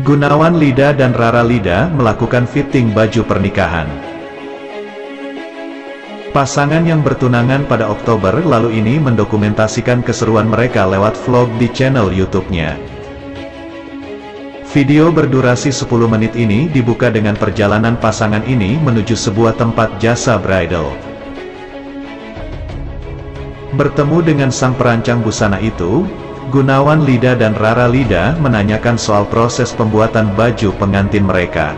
Gunawan Lida dan Rara Lida melakukan fitting baju pernikahan. Pasangan yang bertunangan pada Oktober lalu ini mendokumentasikan keseruan mereka lewat vlog di channel YouTube-nya. Video berdurasi 10 menit ini dibuka dengan perjalanan pasangan ini menuju sebuah tempat jasa bridal. Bertemu dengan sang perancang busana itu, Gunawan Lida dan Rara Lida menanyakan soal proses pembuatan baju pengantin mereka.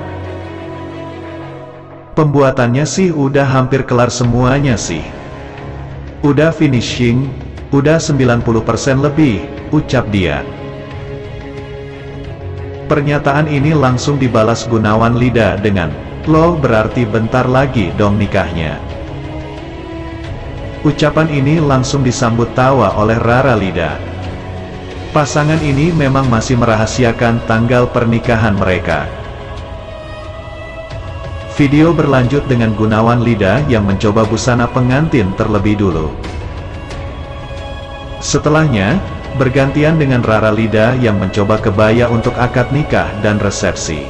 Pembuatannya sih udah hampir kelar semuanya sih. Udah finishing, udah 90% lebih, ucap dia. Pernyataan ini langsung dibalas Gunawan Lida dengan, Lo berarti bentar lagi dong nikahnya. Ucapan ini langsung disambut tawa oleh Rara Lida. Pasangan ini memang masih merahasiakan tanggal pernikahan mereka. Video berlanjut dengan Gunawan Lida yang mencoba busana pengantin terlebih dulu. Setelahnya, bergantian dengan Rara Lida yang mencoba kebaya untuk akad nikah dan resepsi.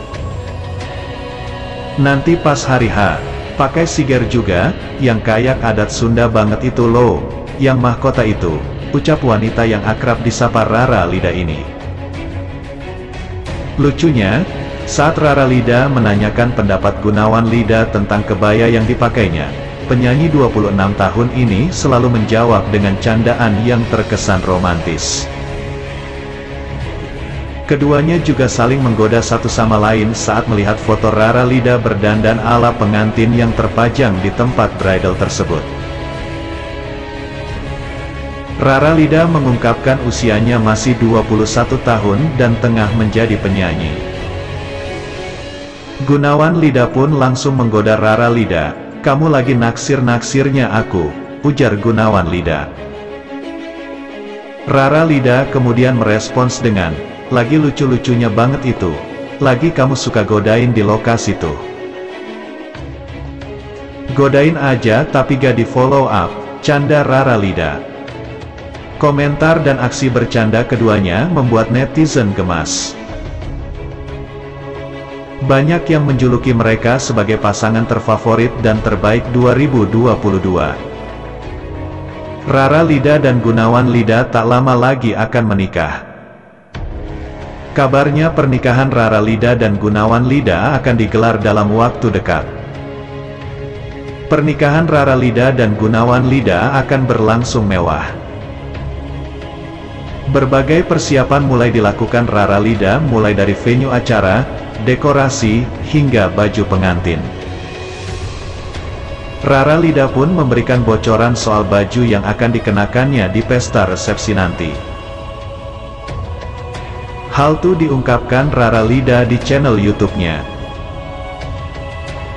Nanti pas hari H, pakai siger juga, yang kayak adat Sunda banget itu loh, yang mahkota itu, ucap wanita yang akrab disapa Rara Lida ini. Lucunya, saat Rara Lida menanyakan pendapat Gunawan Lida tentang kebaya yang dipakainya, penyanyi 26 tahun ini selalu menjawab dengan candaan yang terkesan romantis. Keduanya juga saling menggoda satu sama lain saat melihat foto Rara Lida berdandan ala pengantin yang terpajang di tempat bridal tersebut. Rara Lida mengungkapkan usianya masih 21 tahun dan tengah menjadi penyanyi. Gunawan Lida pun langsung menggoda Rara Lida, kamu lagi naksir-naksirnya aku, ujar Gunawan Lida. Rara Lida kemudian merespons dengan, lagi lucu-lucunya banget itu, lagi kamu suka godain di lokasi tuh. Godain aja tapi gak di follow up, canda Rara Lida. Komentar dan aksi bercanda keduanya membuat netizen gemas. Banyak yang menjuluki mereka sebagai pasangan terfavorit dan terbaik 2022. Rara Lida dan Gunawan Lida tak lama lagi akan menikah. Kabarnya pernikahan Rara Lida dan Gunawan Lida akan digelar dalam waktu dekat. Pernikahan Rara Lida dan Gunawan Lida akan berlangsung mewah. Berbagai persiapan mulai dilakukan Rara Lida mulai dari venue acara, dekorasi, hingga baju pengantin. Rara Lida pun memberikan bocoran soal baju yang akan dikenakannya di pesta resepsi nanti. Hal itu diungkapkan Rara Lida di channel YouTube-nya.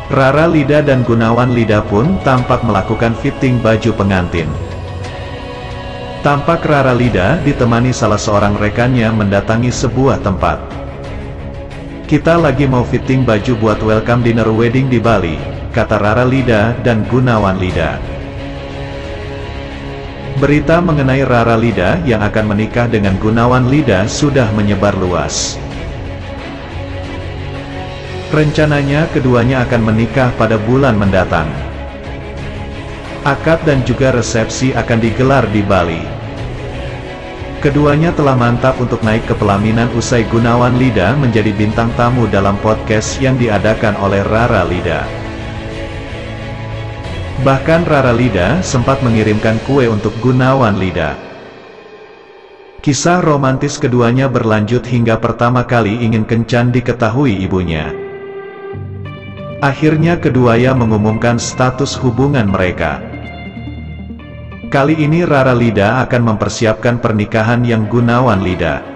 Rara Lida dan Gunawan Lida pun tampak melakukan fitting baju pengantin. Tampak Rara Lida ditemani salah seorang rekannya mendatangi sebuah tempat. Kita lagi mau fitting baju buat welcome dinner wedding di Bali, kata Rara Lida dan Gunawan Lida. Berita mengenai Rara Lida yang akan menikah dengan Gunawan Lida sudah menyebar luas. Rencananya keduanya akan menikah pada bulan mendatang. Akad dan juga resepsi akan digelar di Bali. Keduanya telah mantap untuk naik ke pelaminan usai Gunawan Lida menjadi bintang tamu dalam podcast yang diadakan oleh Rara Lida. Bahkan Rara Lida sempat mengirimkan kue untuk Gunawan Lida. Kisah romantis keduanya berlanjut hingga pertama kali ingin kencan diketahui ibunya. Akhirnya keduanya mengumumkan status hubungan mereka. Kali ini Rara Lida akan mempersiapkan pernikahan yang Gunawan Lida.